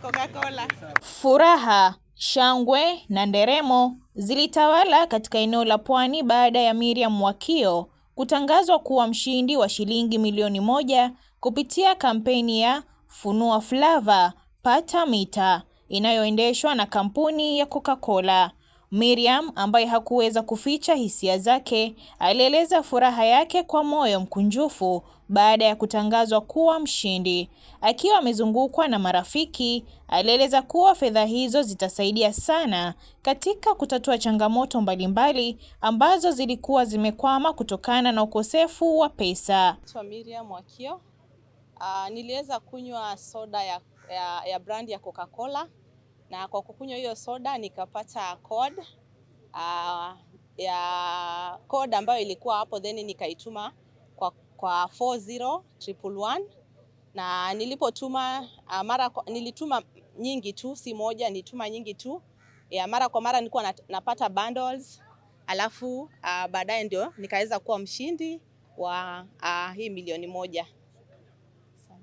Coca-Cola. Furaha, shangwe na nderemo zilitawala katika eneo la Pwani baada ya Miriam Wakio kutangazwa kuwa mshindi wa shilingi milioni moja kupitia kampeni ya Funua Flava Pata Mita inayoendeshwa na kampuni ya Coca-Cola. Miriam ambaye hakuweza kuficha hisia zake, alieleza furaha yake kwa moyo mkunjufu baada ya kutangazwa kuwa mshindi. Akiwa amezungukwa na marafiki, alieleza kuwa fedha hizo zitasaidia sana katika kutatua changamoto mbalimbali ambazo zilikuwa zimekwama kutokana na ukosefu wa pesa. Miriam Wakio. Uh, niliweza kunywa soda ya, ya, ya brandi ya Coca-Cola na kwa kukunywa hiyo soda nikapata code uh, ah, ya code ambayo ilikuwa hapo then nikaituma kwa, kwa 40111 na nilipotuma uh, mara nilituma nyingi tu, si moja, nilituma nyingi tu ya mara kwa mara nilikuwa napata bundles, alafu uh, baadaye ndio nikaweza kuwa mshindi wa uh, hii milioni moja.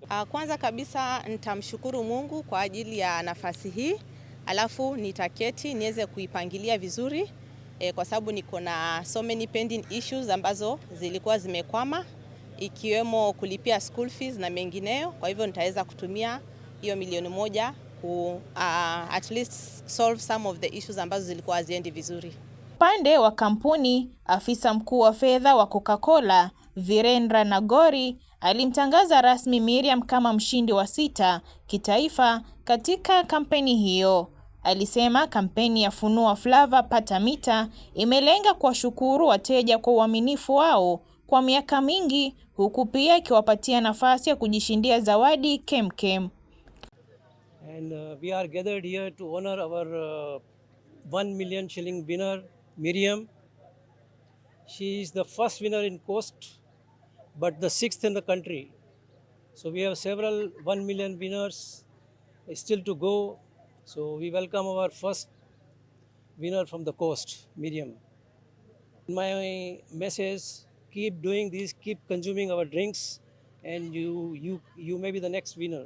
Uh, kwanza kabisa nitamshukuru Mungu kwa ajili ya nafasi hii alafu nitaketi niweze kuipangilia vizuri e, kwa sababu niko na so many pending issues ambazo zilikuwa zimekwama ikiwemo kulipia school fees na mengineyo. Kwa hivyo nitaweza kutumia hiyo milioni moja ku uh, at least solve some of the issues ambazo zilikuwa haziendi vizuri. Upande wa kampuni, afisa mkuu wa fedha wa Coca-Cola Virendra Nagori alimtangaza rasmi Miriam kama mshindi wa sita kitaifa katika kampeni hiyo. Alisema kampeni ya Funua Flava Pata Mita imelenga kuwashukuru wateja kwa uaminifu wao kwa miaka mingi, huku pia ikiwapatia nafasi ya kujishindia zawadi kemkem. And uh, we are gathered here to honor our uh, 1 million shilling winner Miriam. She is the first winner in Coast but the sixth in the country. So we have several one million winners still to go. So we welcome our first winner from the coast, Miriam. My message keep doing this, keep consuming our drinks, and you, you, you may be the next winner.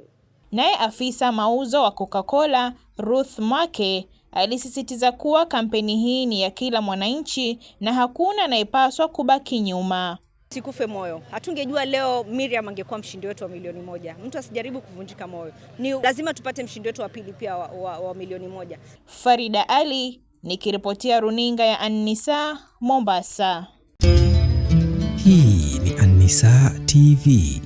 Naye afisa mauzo wa Coca-Cola Ruth Make alisisitiza kuwa kampeni hii ni ya kila mwananchi na hakuna anayepaswa kubaki nyuma. Tusikufe moyo. Hatungejua leo Miriam angekuwa mshindi wetu wa milioni moja. Mtu asijaribu kuvunjika moyo, ni lazima tupate mshindi wetu wa pili pia wa, wa, wa milioni moja. Farida Ali nikiripotia runinga ya Anisa Mombasa. Hii ni Annisa TV.